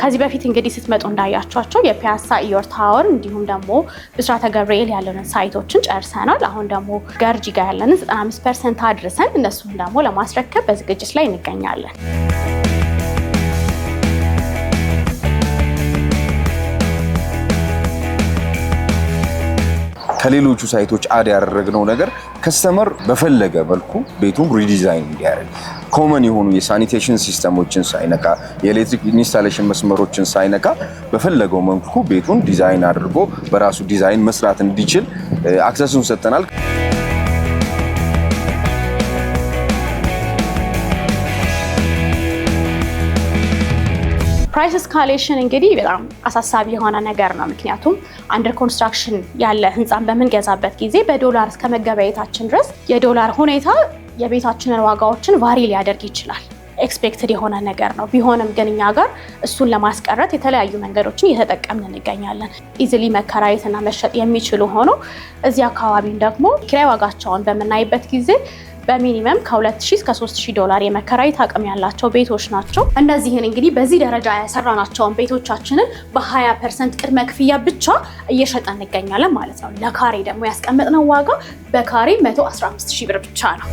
ከዚህ በፊት እንግዲህ ስትመጡ እንዳያቸዋቸው የፒያሳ ኢዮር ታወር እንዲሁም ደግሞ ብስራተ ገብርኤል ያለንን ሳይቶችን ጨርሰናል። አሁን ደግሞ ገርጂ ጋር ያለንን 95 ፐርሰንት አድርሰን እነሱን ደግሞ ለማስረከብ በዝግጅት ላይ እንገኛለን። ከሌሎቹ ሳይቶች አድ ያደረግነው ነገር ከስተመር በፈለገ መልኩ ቤቱን ሪዲዛይን እንዲያደርግ ኮመን የሆኑ የሳኒቴሽን ሲስተሞችን ሳይነካ የኤሌክትሪክ ኢንስታሌሽን መስመሮችን ሳይነካ በፈለገው መልኩ ቤቱን ዲዛይን አድርጎ በራሱ ዲዛይን መስራት እንዲችል አክሰሱን ሰጠናል። ፕራይስ እስካሌሽን እንግዲህ በጣም አሳሳቢ የሆነ ነገር ነው። ምክንያቱም አንደር ኮንስትራክሽን ያለ ህንፃን በምንገዛበት ጊዜ በዶላር እስከ መገበያየታችን ድረስ የዶላር ሁኔታ የቤታችንን ዋጋዎችን ቫሪ ሊያደርግ ይችላል። ኤክስፔክትድ የሆነ ነገር ነው። ቢሆንም ግን እኛ ጋር እሱን ለማስቀረት የተለያዩ መንገዶችን እየተጠቀምን እንገኛለን። ኢዝሊ መከራየትና መሸጥ የሚችሉ ሆኖ እዚህ አካባቢን ደግሞ ኪራይ ዋጋቸውን በምናይበት ጊዜ በሚኒመም ከ2000 እስከ 3000 ዶላር የመከራየት አቅም ያላቸው ቤቶች ናቸው። እነዚህን እንግዲህ በዚህ ደረጃ ያሰራናቸውን ቤቶቻችንን በ20 ፐርሰንት ቅድመ ክፍያ ብቻ እየሸጠ እንገኛለን ማለት ነው። ለካሬ ደግሞ ያስቀመጥነው ዋጋ በካሬ 115 ብር ብቻ ነው።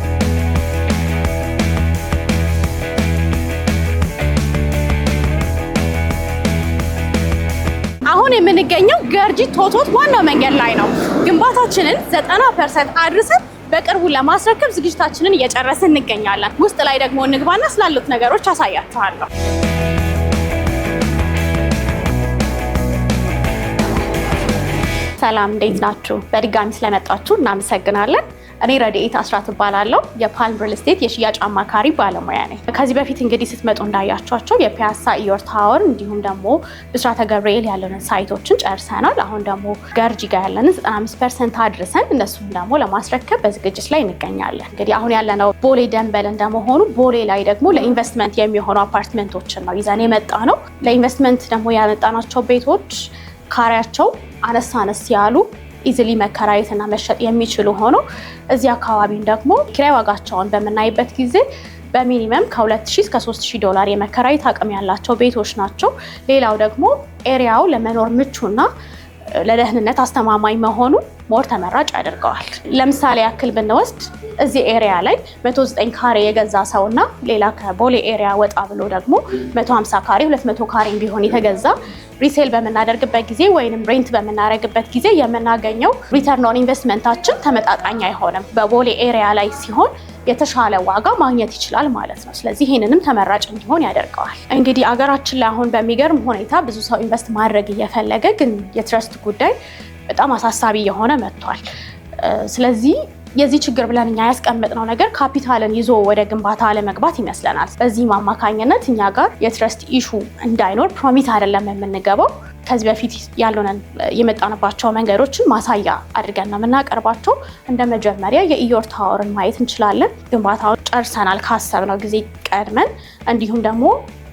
አሁን የምንገኘው ገርጂ ቶቶት ዋናው መንገድ ላይ ነው። ግንባታችንን 90 ፐርሰንት አድርሰን በቅርቡ ለማስረከብ ዝግጅታችንን እየጨረስን እንገኛለን። ውስጥ ላይ ደግሞ እንግባና ስላሉት ነገሮች አሳያችኋለሁ። ሰላም እንዴት ናችሁ? በድጋሚ ስለመጣችሁ እናመሰግናለን። እኔ ረድኤት አስራት እባላለሁ። የፓልም ሪል ስቴት የሽያጭ አማካሪ ባለሙያ ነኝ። ከዚህ በፊት እንግዲህ ስትመጡ እንዳያቸዋቸው የፒያሳ ኢዮር ታወር እንዲሁም ደግሞ ብስራተ ገብርኤል ያለንን ሳይቶችን ጨርሰናል። አሁን ደግሞ ገርጂ ጋር ያለንን 95 ፐርሰንት አድርሰን እነሱም ደግሞ ለማስረከብ በዝግጅት ላይ እንገኛለን። እንግዲህ አሁን ያለነው ቦሌ ደንበል እንደመሆኑ ቦሌ ላይ ደግሞ ለኢንቨስትመንት የሚሆኑ አፓርትመንቶችን ነው ይዘን የመጣ ነው። ለኢንቨስትመንት ደግሞ ያመጣናቸው ቤቶች ካሪያቸው አነስ አነስ ያሉ ኢዝሊ መከራየትና መሸጥ የሚችሉ ሆኖ እዚህ አካባቢም ደግሞ ኪራይ ዋጋቸውን በምናይበት ጊዜ በሚኒመም ከ2000 እስከ 3000 ዶላር የመከራየት አቅም ያላቸው ቤቶች ናቸው። ሌላው ደግሞ ኤሪያው ለመኖር ምቹና ለደህንነት አስተማማኝ መሆኑ ሞር ተመራጭ ያደርገዋል። ለምሳሌ ያክል ብንወስድ እዚህ ኤሪያ ላይ 109 ካሬ የገዛ ሰው እና ሌላ ከቦሌ ኤሪያ ወጣ ብሎ ደግሞ 150 ካሬ፣ 200 ካሬ ቢሆን የተገዛ ሪሴል በምናደርግበት ጊዜ ወይንም ሬንት በምናደርግበት ጊዜ የምናገኘው ሪተርን ኦን ኢንቨስትመንታችን ተመጣጣኝ አይሆንም። በቦሌ ኤሪያ ላይ ሲሆን የተሻለ ዋጋ ማግኘት ይችላል ማለት ነው። ስለዚህ ይህንንም ተመራጭ እንዲሆን ያደርገዋል። እንግዲህ አገራችን ላይ አሁን በሚገርም ሁኔታ ብዙ ሰው ኢንቨስት ማድረግ እየፈለገ ግን የትረስት ጉዳይ በጣም አሳሳቢ የሆነ መጥቷል። ስለዚህ የዚህ ችግር ብለን እኛ ያስቀመጥነው ነገር ካፒታልን ይዞ ወደ ግንባታ ለመግባት ይመስለናል። በዚህም አማካኝነት እኛ ጋር የትረስት ኢሹ እንዳይኖር ፕሮሚት አይደለም የምንገባው። ከዚህ በፊት ያለንን የመጣንባቸው መንገዶችን ማሳያ አድርገን ነው የምናቀርባቸው። እንደ መጀመሪያ የኢዮር ታወርን ማየት እንችላለን። ግንባታውን ጨርሰናል ካሰብነው ጊዜ ቀድመን፣ እንዲሁም ደግሞ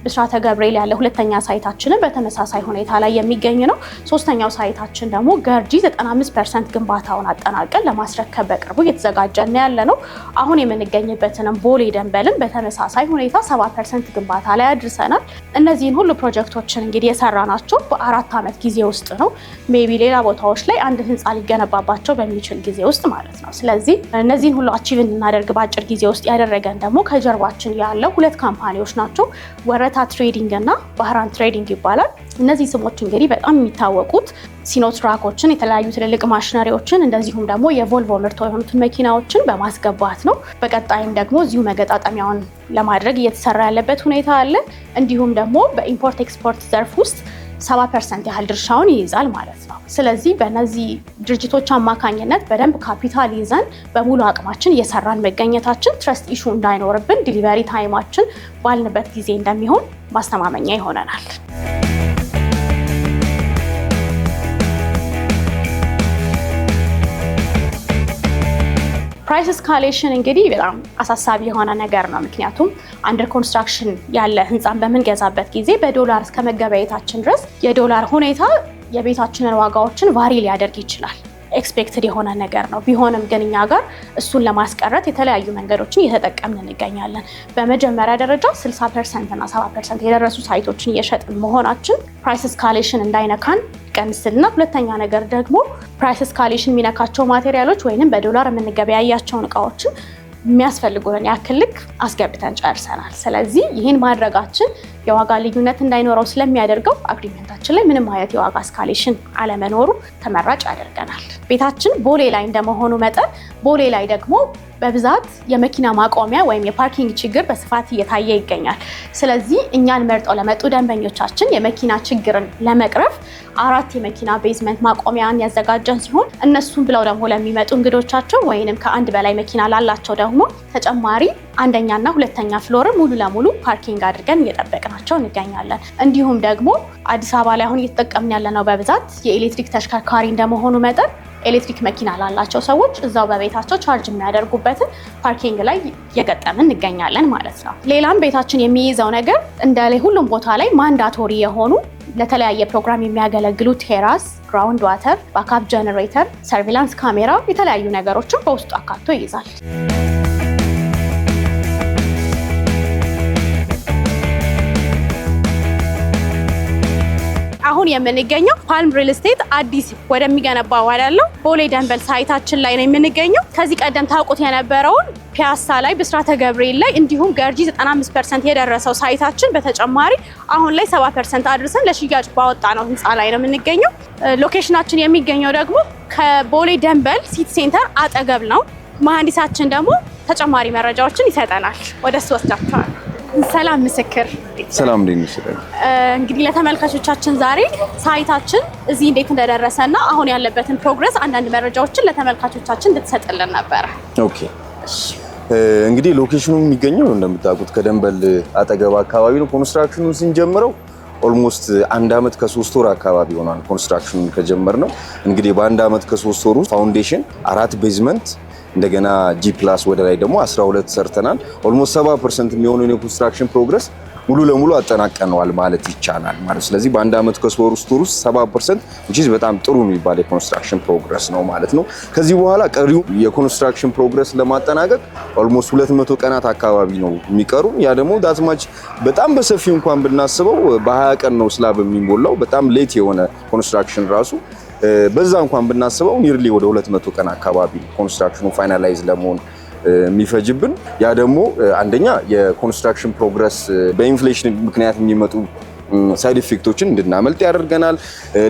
ምስራተ ገብርኤል ያለ ሁለተኛ ሳይታችንን በተመሳሳይ ሁኔታ ላይ የሚገኝ ነው። ሶስተኛው ሳይታችን ደግሞ ገርጂ 95 ፐርሰንት ግንባታውን አጠናቀን ለማስረከብ በቅርቡ እየተዘጋጀን ያለ ነው። አሁን የምንገኝበትንም ቦሌ ደንበልን በተመሳሳይ ሁኔታ 70 ፐርሰንት ግንባታ ላይ አድርሰናል። እነዚህን ሁሉ ፕሮጀክቶችን እንግዲህ የሰራ ናቸው በአራት ዓመት ጊዜ ውስጥ ነው። ሜቢ ሌላ ቦታዎች ላይ አንድ ህንፃ ሊገነባባቸው በሚችል ጊዜ ውስጥ ማለት ነው። ስለዚህ እነዚህን ሁሉ አቺቭ እንድናደርግ በአጭር ጊዜ ውስጥ ያደረገን ደግሞ ከጀርባችን ያለው ሁለት ካምፓኒዎች ናቸው። ወረታ ገበታ ትሬዲንግ እና ባህራን ትሬዲንግ ይባላል። እነዚህ ስሞች እንግዲህ በጣም የሚታወቁት ሲኖትራኮችን፣ የተለያዩ ትልልቅ ማሽነሪዎችን እንደዚሁም ደግሞ የቮልቮ ምርቶ የሆኑትን መኪናዎችን በማስገባት ነው። በቀጣይም ደግሞ እዚሁ መገጣጠሚያውን ለማድረግ እየተሰራ ያለበት ሁኔታ አለ። እንዲሁም ደግሞ በኢምፖርት ኤክስፖርት ዘርፍ ውስጥ ሰባ ፐርሰንት ያህል ድርሻውን ይይዛል ማለት ነው። ስለዚህ በእነዚህ ድርጅቶች አማካኝነት በደንብ ካፒታል ይዘን በሙሉ አቅማችን እየሰራን መገኘታችን ትረስት ኢሹ እንዳይኖርብን ዲሊቨሪ ታይማችን ባልንበት ጊዜ እንደሚሆን ማስተማመኛ ይሆነናል። ፕራይስ እስካሌሽን እንግዲህ በጣም አሳሳቢ የሆነ ነገር ነው። ምክንያቱም አንደር ኮንስትራክሽን ያለ ህንፃን በምንገዛበት ጊዜ በዶላር እስከ መገበያየታችን ድረስ የዶላር ሁኔታ የቤታችንን ዋጋዎችን ቫሪ ሊያደርግ ይችላል። ኤክስፔክትድ የሆነ ነገር ነው። ቢሆንም ግን እኛ ጋር እሱን ለማስቀረት የተለያዩ መንገዶችን እየተጠቀምን እንገኛለን። በመጀመሪያ ደረጃ 60 ፐርሰንት እና 70 ፐርሰንት የደረሱ ሳይቶችን እየሸጥን መሆናችን ፕራይስ እስካሌሽን እንዳይነካን ቀንስልና ሁለተኛ ነገር ደግሞ ፕራይስ እስካሌሽን የሚነካቸው ማቴሪያሎች ወይንም በዶላር የምንገበያያቸውን እቃዎችን የሚያስፈልጉትን ያክል ልክ አስገብተን ጨርሰናል። ስለዚህ ይህን ማድረጋችን የዋጋ ልዩነት እንዳይኖረው ስለሚያደርገው አግሪመንታችን ላይ ምንም አይነት የዋጋ እስካሌሽን አለመኖሩ ተመራጭ ያደርገናል። ቤታችን ቦሌ ላይ እንደመሆኑ መጠን ቦሌ ላይ ደግሞ በብዛት የመኪና ማቆሚያ ወይም የፓርኪንግ ችግር በስፋት እየታየ ይገኛል። ስለዚህ እኛን መርጠው ለመጡ ደንበኞቻችን የመኪና ችግርን ለመቅረፍ አራት የመኪና ቤዝመንት ማቆሚያን ያዘጋጀን ሲሆን እነሱን ብለው ደግሞ ለሚመጡ እንግዶቻቸው ወይንም ከአንድ በላይ መኪና ላላቸው ደግሞ ተጨማሪ አንደኛና ሁለተኛ ፍሎር ሙሉ ለሙሉ ፓርኪንግ አድርገን እየጠበቅናቸው እንገኛለን። እንዲሁም ደግሞ አዲስ አበባ ላይ አሁን እየተጠቀምን ያለነው በብዛት የኤሌክትሪክ ተሽከርካሪ እንደመሆኑ መጠን ኤሌክትሪክ መኪና ላላቸው ሰዎች እዛው በቤታቸው ቻርጅ የሚያደርጉበትን ፓርኪንግ ላይ እየገጠምን እንገኛለን ማለት ነው። ሌላም ቤታችን የሚይዘው ነገር እንደ ሁሉም ቦታ ላይ ማንዳቶሪ የሆኑ ለተለያየ ፕሮግራም የሚያገለግሉ ቴራስ፣ ግራውንድ ዋተር፣ ባካፕ ጀነሬተር፣ ሰርቪላንስ ካሜራ የተለያዩ ነገሮችን በውስጡ አካቶ ይይዛል። አሁን የምንገኘው ፓልም ሪል ስቴት አዲስ ወደሚገነባ ዋዳለው ቦሌ ደንበል ሳይታችን ላይ ነው የምንገኘው። ከዚህ ቀደም ታውቁት የነበረውን ፒያሳ ላይ ብስራተ ገብርኤል ላይ እንዲሁም ገርጂ 95 ፐርሰንት የደረሰው ሳይታችን በተጨማሪ አሁን ላይ 70 ፐርሰንት አድርሰን ለሽያጭ ባወጣ ነው ህንፃ ላይ ነው የምንገኘው። ሎኬሽናችን የሚገኘው ደግሞ ከቦሌ ደንበል ሲቲ ሴንተር አጠገብ ነው። መሀንዲሳችን ደግሞ ተጨማሪ መረጃዎችን ይሰጠናል። ወደ እሱ ወስዳቸዋል። ሰላም ምስክር፣ ሰላም እንዴት ነሽ? እንግዲህ ለተመልካቾቻችን ዛሬ ሳይታችን እዚህ እንዴት እንደደረሰና አሁን ያለበትን ፕሮግረስ አንዳንድ መረጃዎችን ለተመልካቾቻችን እንድትሰጥልን ነበረ። ኦኬ እንግዲህ ሎኬሽኑ የሚገኘው እንደምታውቁት ከደንበል አጠገብ አካባቢ ነው። ኮንስትራክሽኑ ስንጀምረው ኦልሞስት አንድ አመት ከሶስት ወር አካባቢ ሆኗል። ኮንስትራክሽኑን ከጀመር ነው እንግዲህ በአንድ አመት ከሶስት ወር ውስጥ ፋውንዴሽን አራት ቤዝመንት እንደገና ጂ ፕላስ ወደ ላይ ደግሞ 12 ሰርተናል። ኦልሞስት 70 ፐርሰንት የሚሆነውን የኮንስትራክሽን ፕሮግረስ ሙሉ ለሙሉ አጠናቀነዋል ማለት ይቻላል ማለት ስለዚህ በአንድ ዓመት ከሶስት ወር ውስጥ 70 ፐርሰንት ዊችዝ በጣም ጥሩ የሚባል የኮንስትራክሽን ፕሮግረስ ነው ማለት ነው። ከዚህ በኋላ ቀሪው የኮንስትራክሽን ፕሮግረስ ለማጠናቀቅ ኦልሞስት 200 ቀናት አካባቢ ነው የሚቀሩ። ያ ደግሞ ዳትማች በጣም በሰፊው እንኳን ብናስበው በ20 ቀን ነው ስላብ የሚሞላው በጣም ሌት የሆነ ኮንስትራክሽን ራሱ በዛ እንኳን ብናስበው ኒርሊ ወደ 200 ቀን አካባቢ ኮንስትራክሽኑ ፋይናላይዝ ለመሆን የሚፈጅብን ያ ደግሞ አንደኛ የኮንስትራክሽን ፕሮግረስ በኢንፍሌሽን ምክንያት የሚመጡ ሳይድ ኢፌክቶችን እንድናመልጥ ያደርገናል።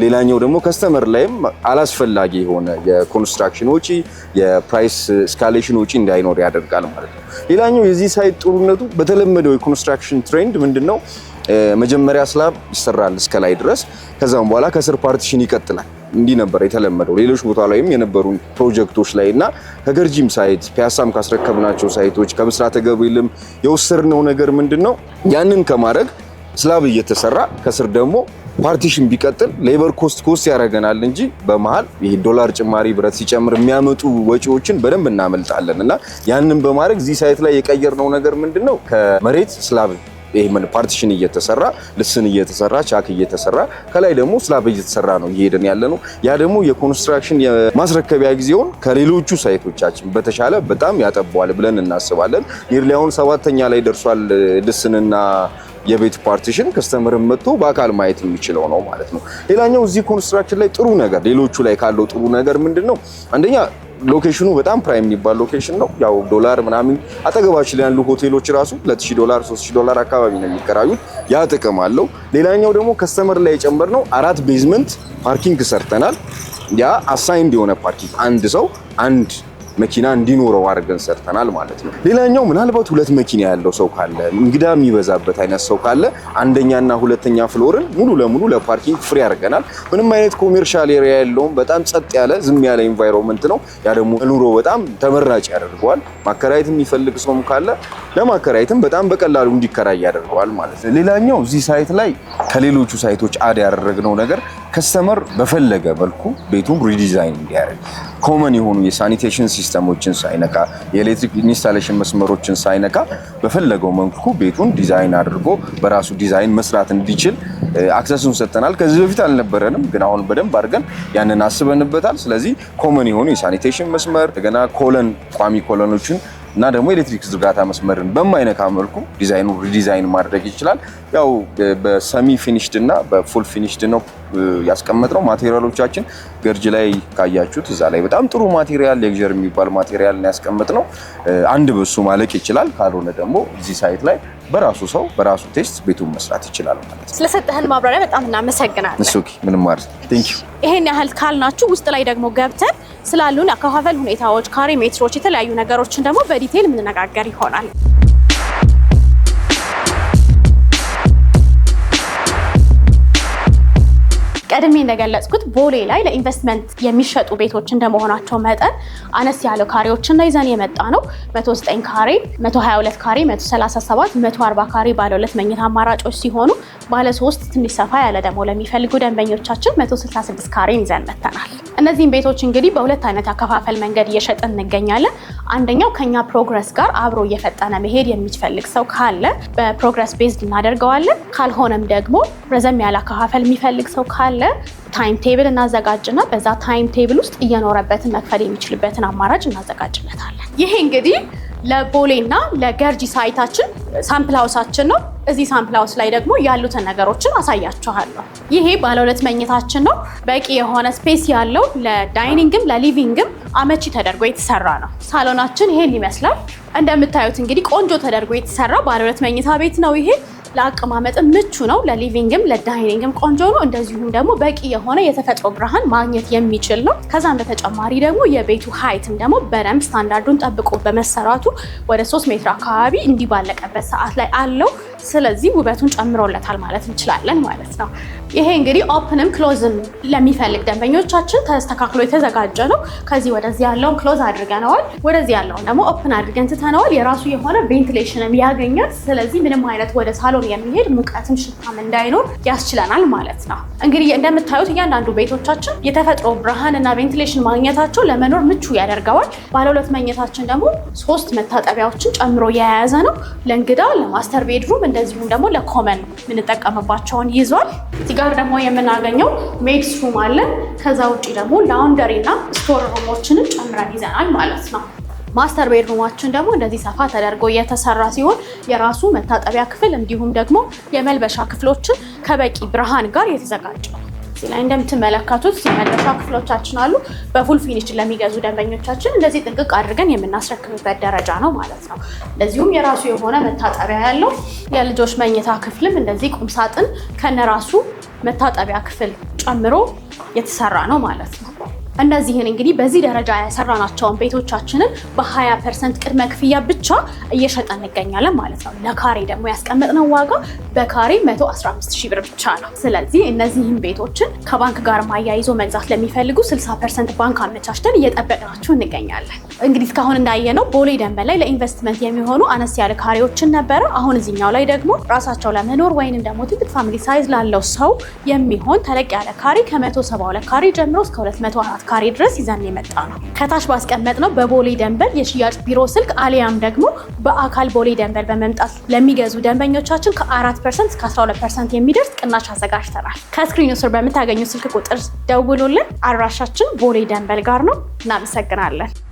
ሌላኛው ደግሞ ከስተመር ላይም አላስፈላጊ የሆነ የኮንስትራክሽን ወጪ፣ የፕራይስ ስካሌሽን ወጪ እንዳይኖር ያደርጋል ማለት ነው። ሌላኛው የዚህ ሳይድ ጥሩነቱ በተለመደው የኮንስትራክሽን ትሬንድ ምንድን ነው? መጀመሪያ ስላብ ይሰራል እስከላይ ድረስ፣ ከዛም በኋላ ከስር ፓርቲሽን ይቀጥላል። እንዲህ ነበር የተለመደው ሌሎች ቦታ ላይም የነበሩ ፕሮጀክቶች ላይ እና ከገርጂም ሳይት ፒያሳም ካስረከብናቸው ሳይቶች ከምስራተ ገብርኤልም የወሰድነው ነገር ምንድን ነው? ያንን ከማድረግ ስላብ እየተሰራ ከስር ደግሞ ፓርቲሽን ቢቀጥል ሌበር ኮስት ኮስት ያደርገናል እንጂ በመሀል ይሄ ዶላር ጭማሪ ብረት ሲጨምር የሚያመጡ ወጪዎችን በደንብ እናመልጣለን እና ያንን በማድረግ እዚህ ሳይት ላይ የቀየርነው ነገር ምንድን ነው? ከመሬት ስላብ ይሄ ፓርቲሽን እየተሰራ ልስን እየተሰራ ቻክ እየተሰራ ከላይ ደግሞ ስላብ እየተሰራ ነው እየሄደን ያለ ነው። ያ ደግሞ የኮንስትራክሽን የማስረከቢያ ጊዜውን ከሌሎቹ ሳይቶቻችን በተሻለ በጣም ያጠበዋል ብለን እናስባለን። ኒርሊ አሁን ሰባተኛ ላይ ደርሷል ልስንና የቤት ፓርቲሽን ከስተመርን መጥቶ በአካል ማየት የሚችለው ነው ማለት ነው። ሌላኛው እዚህ ኮንስትራክሽን ላይ ጥሩ ነገር ሌሎቹ ላይ ካለው ጥሩ ነገር ምንድን ነው? አንደኛ ሎኬሽኑ በጣም ፕራይም የሚባል ሎኬሽን ነው። ያው ዶላር ምናምን አጠገባችን ያሉ ሆቴሎች ራሱ 2000 ዶላር 3000 ዶላር አካባቢ ነው የሚከራዩት። ያ ጥቅም አለው። ሌላኛው ደግሞ ከስተመር ላይ ነው አራት ቤዝመንት ፓርኪንግ ሰርተናል። ያ አሳይንድ የሆነ ፓርኪንግ አንድ ሰው አንድ መኪና እንዲኖረው አድርገን ሰርተናል ማለት ነው። ሌላኛው ምናልባት ሁለት መኪና ያለው ሰው ካለ እንግዳ የሚበዛበት አይነት ሰው ካለ አንደኛና ሁለተኛ ፍሎርን ሙሉ ለሙሉ ለፓርኪንግ ፍሪ አድርገናል። ምንም አይነት ኮሜርሻል ኤሪያ የለውም። በጣም ጸጥ ያለ ዝም ያለ ኢንቫይሮንመንት ነው። ያ ደግሞ ኑሮ በጣም ተመራጭ ያደርገዋል። ማከራየት የሚፈልግ ሰውም ካለ ለማከራየትም በጣም በቀላሉ እንዲከራይ ያደርገዋል ማለት ነው። ሌላኛው እዚህ ሳይት ላይ ከሌሎቹ ሳይቶች አድ ያደረግነው ነገር ከስተመር በፈለገ መልኩ ቤቱን ሪዲዛይን እንዲያደርግ ኮመን የሆኑ የሳኒቴሽን ሲስተሞችን ሳይነካ የኤሌክትሪክ ኢንስታሌሽን መስመሮችን ሳይነካ በፈለገው መልኩ ቤቱን ዲዛይን አድርጎ በራሱ ዲዛይን መስራት እንዲችል አክሰሱን ሰጥተናል። ከዚህ በፊት አልነበረንም፣ ግን አሁን በደንብ አድርገን ያንን አስበንበታል። ስለዚህ ኮመን የሆኑ የሳኒቴሽን መስመር እንደገና ኮለን ቋሚ ኮለኖችን እና ደግሞ ኤሌክትሪክ ዝርጋታ መስመርን በማይነካ መልኩ ዲዛይኑ ሪዲዛይን ማድረግ ይችላል። ያው በሰሚ ፊኒሽድ እና በፉል ፊኒሽድ ነው ያስቀመጥነው ማቴሪያሎቻችን ገርጅ ላይ ካያችሁት እዛ ላይ በጣም ጥሩ ማቴሪያል ሌክዠር የሚባል ማቴሪያል ነው ያስቀመጥነው። አንድ በሱ ማለቅ ይችላል፣ ካልሆነ ደግሞ እዚህ ሳይት ላይ በራሱ ሰው በራሱ ቴስት ቤቱን መስራት ይችላል ማለት ነው። ስለሰጠህን ማብራሪያ በጣም እናመሰግናለን። እሱ ምንም ማለት ዩ። ይሄን ያህል ካልናችሁ ውስጥ ላይ ደግሞ ገብተን ስላሉን አከፋፈል ሁኔታዎች፣ ካሬ ሜትሮች፣ የተለያዩ ነገሮችን ደግሞ በዲቴል የምንነጋገር ይሆናል። ቀድሜ እንደገለጽኩት ቦሌ ላይ ለኢንቨስትመንት የሚሸጡ ቤቶች እንደመሆናቸው መጠን አነስ ያለ ካሬዎችን ነው ይዘን የመጣ ነው። 109 ካሬ፣ 122 ካሬ፣ 137፣ 140 ካሬ ባለ ሁለት መኝታ አማራጮች ሲሆኑ ባለ ሶስት ትንሽ ሰፋ ያለ ደግሞ ለሚፈልጉ ደንበኞቻችን 166 ካሬ ይዘን መጥተናል። እነዚህን ቤቶች እንግዲህ በሁለት አይነት አከፋፈል መንገድ እየሸጥን እንገኛለን። አንደኛው ከኛ ፕሮግረስ ጋር አብሮ እየፈጠነ መሄድ የሚፈልግ ሰው ካለ በፕሮግረስ ቤዝድ እናደርገዋለን። ካልሆነም ደግሞ ረዘም ያለ አከፋፈል የሚፈልግ ሰው ካለ ታይም ቴብል እናዘጋጅና በዛ ታይም ቴብል ውስጥ እየኖረበትን መክፈል የሚችልበትን አማራጭ እናዘጋጅለታለን። ይሄ እንግዲህ እና ለገርጂ ሳይታችን ሳምፕል ሀውሳችን ነው። እዚህ ሳምፕል ሀውስ ላይ ደግሞ ያሉትን ነገሮችን አሳያችኋለሁ። ይሄ ባለ ሁለት መኝታችን ነው። በቂ የሆነ ስፔስ ያለው ለዳይኒንግም ለሊቪንግም አመቺ ተደርጎ የተሰራ ነው። ሳሎናችን ይሄን ይመስላል። እንደምታዩት እንግዲህ ቆንጆ ተደርጎ የተሰራ ባለ ሁለት መኝታ ቤት ነው ይሄ ለአቀማመጥም ምቹ ነው። ለሊቪንግም ለዳይኒንግም ቆንጆ ነው። እንደዚሁም ደግሞ በቂ የሆነ የተፈጥሮ ብርሃን ማግኘት የሚችል ነው። ከዛም በተጨማሪ ደግሞ የቤቱ ሀይትም ደግሞ በደንብ ስታንዳርዱን ጠብቆ በመሰራቱ ወደ ሶስት ሜትር አካባቢ እንዲህ ባለቀበት ሰዓት ላይ አለው። ስለዚህ ውበቱን ጨምሮለታል ማለት እንችላለን ማለት ነው። ይሄ እንግዲህ ኦፕንም ክሎዝም ለሚፈልግ ደንበኞቻችን ተስተካክሎ የተዘጋጀ ነው። ከዚህ ወደዚህ ያለውን ክሎዝ አድርገነዋል፣ ወደዚህ ያለውን ደግሞ ኦፕን አድርገን ትተነዋል። የራሱ የሆነ ቬንቲሌሽንም ያገኛል። ስለዚህ ምንም አይነት ወደ ሳሎን የሚሄድ ሙቀትም ሽታም እንዳይኖር ያስችለናል ማለት ነው። እንግዲህ እንደምታዩት እያንዳንዱ ቤቶቻችን የተፈጥሮ ብርሃን እና ቬንቲሌሽን ማግኘታቸው ለመኖር ምቹ ያደርገዋል። ባለሁለት መኝታችን ደግሞ ሶስት መታጠቢያዎችን ጨምሮ የያዘ ነው። ለእንግዳ ለማስተር ቤድሩም እንደዚሁም ደግሞ ለኮመን የምንጠቀምባቸውን ይዟል። እዚህ ጋር ደግሞ የምናገኘው ሜድስ ሩም አለ። ከዛ ውጭ ደግሞ ላውንደሪ እና ስቶር ሩሞችንን ጨምረን ይዘናል ማለት ነው። ማስተር ሩማችን ደግሞ እንደዚህ ሰፋ ተደርጎ የተሰራ ሲሆን የራሱ መታጠቢያ ክፍል እንዲሁም ደግሞ የመልበሻ ክፍሎችን ከበቂ ብርሃን ጋር የተዘጋጀ እዚህ ላይ እንደምትመለከቱት የመድረሻ ክፍሎቻችን አሉ። በፉል ፊኒሽ ለሚገዙ ደንበኞቻችን እንደዚህ ጥንቅቅ አድርገን የምናስረክብበት ደረጃ ነው ማለት ነው። እንደዚሁም የራሱ የሆነ መታጠቢያ ያለው የልጆች መኝታ ክፍልም እንደዚህ ቁምሳጥን ከነራሱ መታጠቢያ ክፍል ጨምሮ የተሰራ ነው ማለት ነው። እነዚህን እንግዲህ በዚህ ደረጃ ያሰራናቸውን ቤቶቻችንን በ20 ፐርሰንት ቅድመ ክፍያ ብቻ እየሸጠ እንገኛለን ማለት ነው። ለካሬ ደግሞ ያስቀመጥነው ዋጋ በካሬ 115 ሺህ ብር ብቻ ነው። ስለዚህ እነዚህን ቤቶችን ከባንክ ጋር ማያይዞ መግዛት ለሚፈልጉ 60 ፐርሰንት ባንክ አመቻችተን እየጠበቅናችሁ እንገኛለን። እንግዲህ እስካሁን እንዳየነው ቦሌ ደንበል ላይ ለኢንቨስትመንት የሚሆኑ አነስ ያለ ካሬዎችን ነበረ። አሁን እዚህኛው ላይ ደግሞ ራሳቸው ለመኖር ወይንም ደግሞ ትልቅ ፋሚሊ ሳይዝ ላለው ሰው የሚሆን ተለቅ ያለ ካሬ ከ172 ካሬ ጀምሮ እስከ 204 ካሬ ድረስ ይዘን የመጣ ነው። ከታች ባስቀመጥ ነው በቦሌ ደንበል የሽያጭ ቢሮ ስልክ አሊያም ደግሞ በአካል ቦሌ ደንበል በመምጣት ለሚገዙ ደንበኞቻችን ከ4 ፐርሰንት እስከ 12 ፐርሰንት የሚደርስ ቅናሽ አዘጋጅተናል። ከስክሪኑ ስር በምታገኙ ስልክ ቁጥር ደውሉልን። አድራሻችን ቦሌ ደንበል ጋር ነው። እናመሰግናለን።